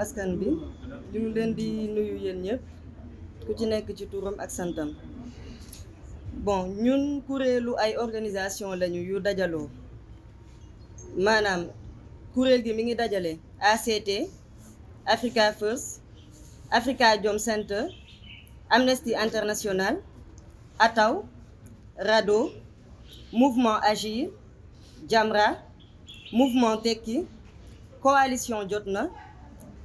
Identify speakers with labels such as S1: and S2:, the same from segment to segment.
S1: askan bi ñu mu leen di nuyu yéen ñëpp ku ci nekk ci turam ak santam bon ñun kuréelu ay organisation lañu yu dajaloo maanaam kuréel gi mi ngi dajale ACT Africa First Africa Jom Center Amnesty International ATAW RADDHO Mouvement Agir Jamra Mouvement Tekki Coalition na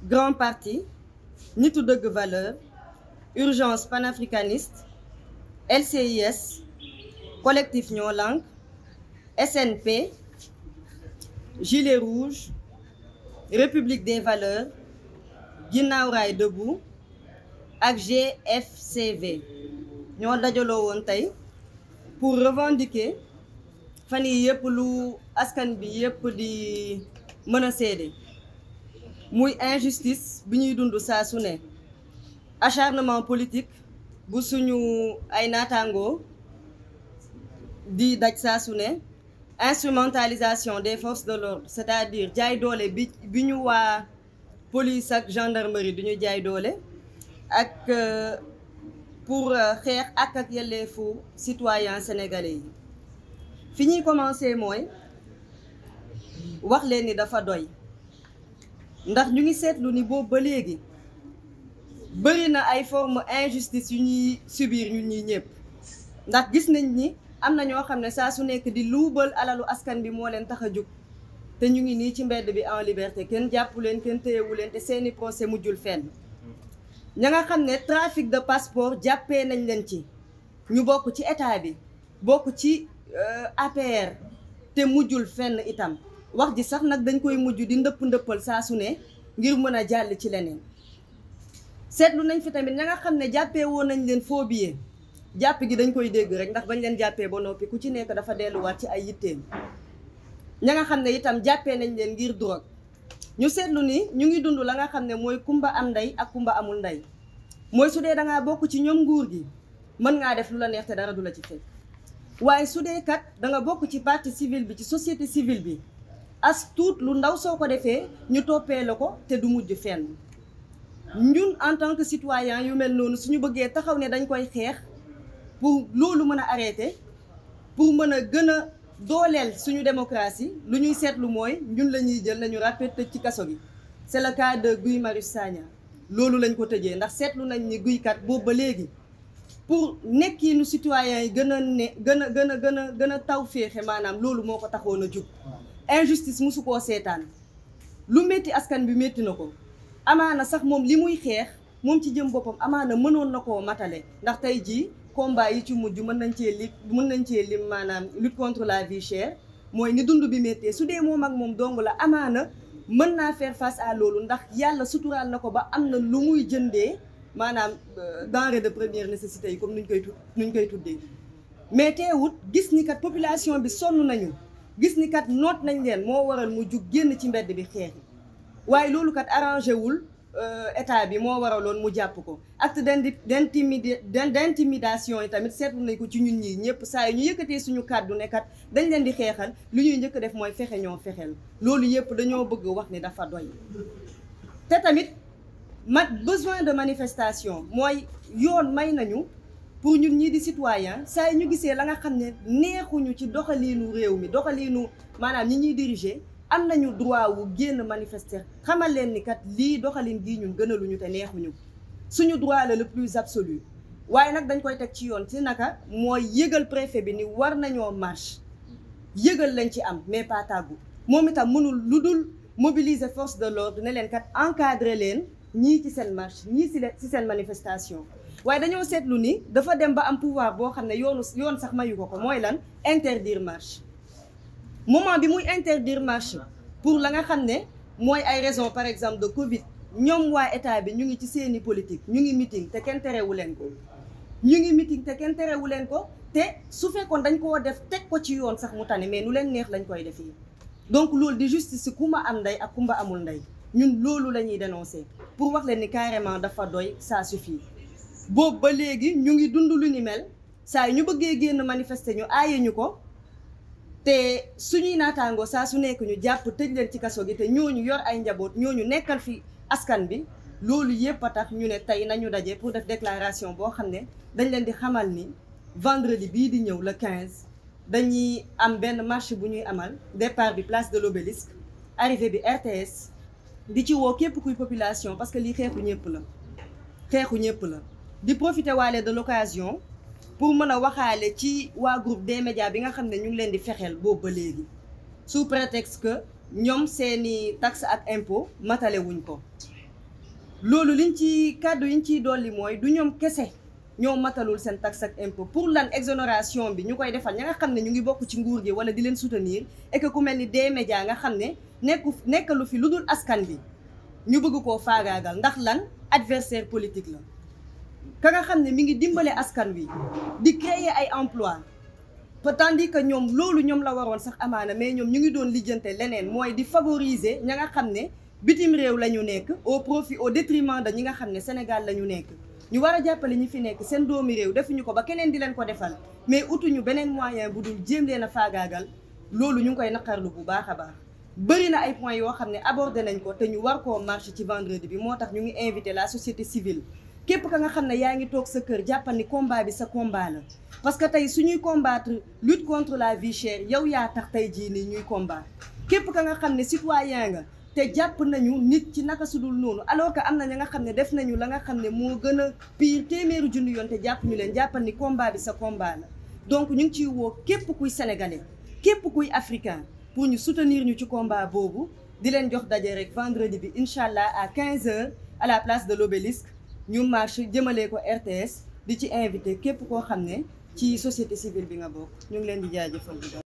S1: grand parti nitu dëgg valeur urgence panafricaniste LCIS collectif ñoo lànk SNP gilet rouge république des valeurs ginnaaw raay debout ak GFCV ñoo dajaloo woon tey pour revendiquer fan yi yëpp lu askan bi yëpp di mën a seede muy injustice bi ñuy dund saa su ne acharnement politique bu suñu ay naataangoo di daj saa su ne instrumentalisation des forces de l'ordre c'est-à-dire jaay doole bi bi ñu waa police ak gendarmerie du jaay doole ak euh, pour euh, xeex ak ak yelleefu citoyen sénégalais yi fi ñuy commencer mooy wax leen ni dafa doy ndax ñu ngi seetlu ni boobu ba léegi bëri na ay forme injustice yu ñuy subir ñun ñi ñëpp ndax gis nañ ni am na ñoo xam ne saa su nekk di luubal alalu askan bi moo leen tax a jóg te ñu ngi nii ci mbedd bi en liberté kenn jàppu leen kenn téyewu leen te seeni procès mujjul fenn ña nga xam ne trafic de passeport jàppee nañ leen ci ñu bokk ci état bi bokk ci euh, APR te mujjul fenn itam wax ji sax nag dañ koy mujj di ndëpp ndëppal saa su ne ngir mën a jàll ci leneen seetlu nañ fi tamit ña nga xam ne jàppee woon nañ leen phobie jàpp gi dañ koy dégg rek ndax bañ leen jàppee ba noppi ku ci nekk dafa delluwaat ci ay yitteem ña nga xam ne itam jàppee nañ leen ngir drogue ñu seetlu ni ñu ngi dund la nga xam ne mooy kumba am ndey ak kumba amul ndey mooy su dee dangaa bokk ci ñoom nguur gi mën ngaa def lu la neex te dara du la ci fekk waaye su dee kat danga bokk ci partie civile bi ci société civile bi as tuut lu ndaw soo ko defee ñu toppee la ko te du mujj fen ñun en tant que citoyen yu mel noonu suñu bëggee taxaw ne dañ koy xeex pour loolu mën a arrêté pour mën a gën a dooleel suñu démocratie lu ñuy seetlu mooy ñun la ñuy jël nañu ràppe tëj ci kaso gi c'est le cas Guy Marius Sagna loolu lañ ko tëjee ndax seetlu nañ ni guykat boobu ba léegi pour nekkiinu citoyen yi gën a ne gën a gën a gën a gën a taw féexe maanaam loolu moo ko taxoon a jug injustice mosu koo seetaan lu métti askan bi métti na ko amaana sax moom li muy xeex moom ci jëm boppam amaana mënoon na koo matale ndax tey jii combat yi ci mujj mën nañ cee li mën nañ cee lim maanaam lutte contre la vie chère mooy ni dund bi méttee su dee moom ak moom dong la amaana mën naa faire face à loolu ndax yàlla suturaal na ko ba am na lu muy jëndee maanaam euh, denrée de première nécessité yi comme nuñ koy tu nuñ koy tuddee mais teewut gis ni kat population bi sonn nañu gis ni kat noot nañ leen moo waral mu jug génn ci mbedd bi xeex waaye loolu kat arrangé wul euh, état bi moo waraloon mu jàpp ko acte d'intimidation yi tamit seetlu nañ ko ci ñun ñi ñëpp saa yi ñu yëkkatee suñu kàddu ne kat dañ leen di xeexal li ñuy njëkk def mooy fexe ñoo fexeel loolu yëpp dañoo bëgg wax ni dafa doy te tamit ma besoin de manifestation mooy yoon may nañu pour ñun ñii di citoyen saa yi ñu gisee la nga xam ne neexuñu ci doxaliinu réew mi doxaliinu maanaam ñi ñuy diriger am nañu droit wu génn manifester xamal leen ni kat lii doxalin gii ñun gënaluñu te neexuñu suñu droit la le plus absolu waaye nag dañ koy teg ci yoon ci naka mooy yëgal préfet bi ni war nañoo marche yëgal lañ ci am mais pas moom itam mënul lu dul mobiliser force de l'ordre ne leen kat encadrer leen ñii ci seen marche ñii ci seen manifestation waaye dañoo seetlu ni dafa dem ba am pouvoir boo xam ne yoonu yoon sax mayu ko ko mooy lan interdire marche moment bi muy interdire marche pour la nga xam ne mooy ay raison par exemple de Covid ñoom waa état bi ñu ngi ci seeni politique ñu ngi meeting te kenn terewu leen ko ñu ngi meeting te kenn terewu leen ko te su fekkoon dañ koo def teg ko ci yoon sax mu tane mais nu leen neex lañ koy def defee donc loolu di justice kumba am ndey ak kumba amul ndey ñun loolu la ñuy dénoncer pour wax leen ni carrément dafa doy ça suffit boobu ba léegi ñu ngi dund lu ni mel saa ñu bëggee génn manifester ñu aaye ñu ko te suñuy naataangoo saa su nekk ñu jàpp tëj leen ci kaso gi te ñu yor ay njaboot ñoo ñu nekkal fi askan bi loolu yëpp a tax ñu ne tey nañu daje pour def déclaration boo xam ne dañ leen di xamal ni vendredi bii di ñëw la 15 dañuy am benn marche bu ñuy amal départ bi place de l'obélisque arrivée bi RTS di ci woo képp kuy population parce que lii xeexu ñëpp la xeexu ñëpp la di profiter waale de l'occasion pour mën a waxaale ci waa groupe des médias bi nga xam ne ñu ngi leen di fexeel boobu ba léegi sous prétexte que ñoom seeni taxe ak impôt matalewuñ ko loolu liñ ci kàddu yiñ ciy dolli mooy du ñoom kese ñoo matalul seen taxe ak impôt pour lan exonération bi ñu koy defal ña nga xam ne ñu ngi bokk ci nguur gi wala di leen soutenir et ku mel ni de médias nga xam ne nekku nekkalu fi lu dul askan bi ñu bëgg koo faagaagal ndax lan adversaire politique la ka nga xam ne mi ngi dimbale askan wi di créer ay emploi tandis que ñoom loolu ñoom la waroon sax amaana mais ñoom ñu ngi doon lijjante leneen mooy di favoriser ña nga xam ne bitim réew la ñu nekk au profit au détriment de ñi nga xam ne Sénégal la ñu nekk ñu war a jàppale ñi fi nekk seen doomi réew defuñu ko ba keneen di leen ko defal mais utuñu beneen moyen bu dul jéem leen a faagaagal loolu ñu ngi koy naqarlu bu baax a baax bëri na ay points yoo xam ne abordé nañ ko te ñu war koo marché ci vendredi bi moo tax ñu ngi invité la société civile képp ka nga xam ne yaa ngi toog sa kër jàppal ni combat bi sa combat la parce que tey suñuy combattre lutte contre la vie yow yaa tey jii nii ñuy combat képp ka nga xam ne citoyen nga te jàpp nañu nit ci naka su dul alors que am na ña nga xam ne def nañu la nga xam ne moo gën a pire téeméeru junni yoon te leen jàppal bi sa combat donc ñu ngi ciy woo képp kuy sénégalais képp kuy africain pour ñu soutenir ñu ci combat boobu di leen jox daje rek vendredi bi incha allah à 15h à la place de l'obélisque ñu marche jëmalee ko RTS di ci invité képp koo xam ne ci société civile bi nga bokk ñu ngi leen di jaajëfal bu baax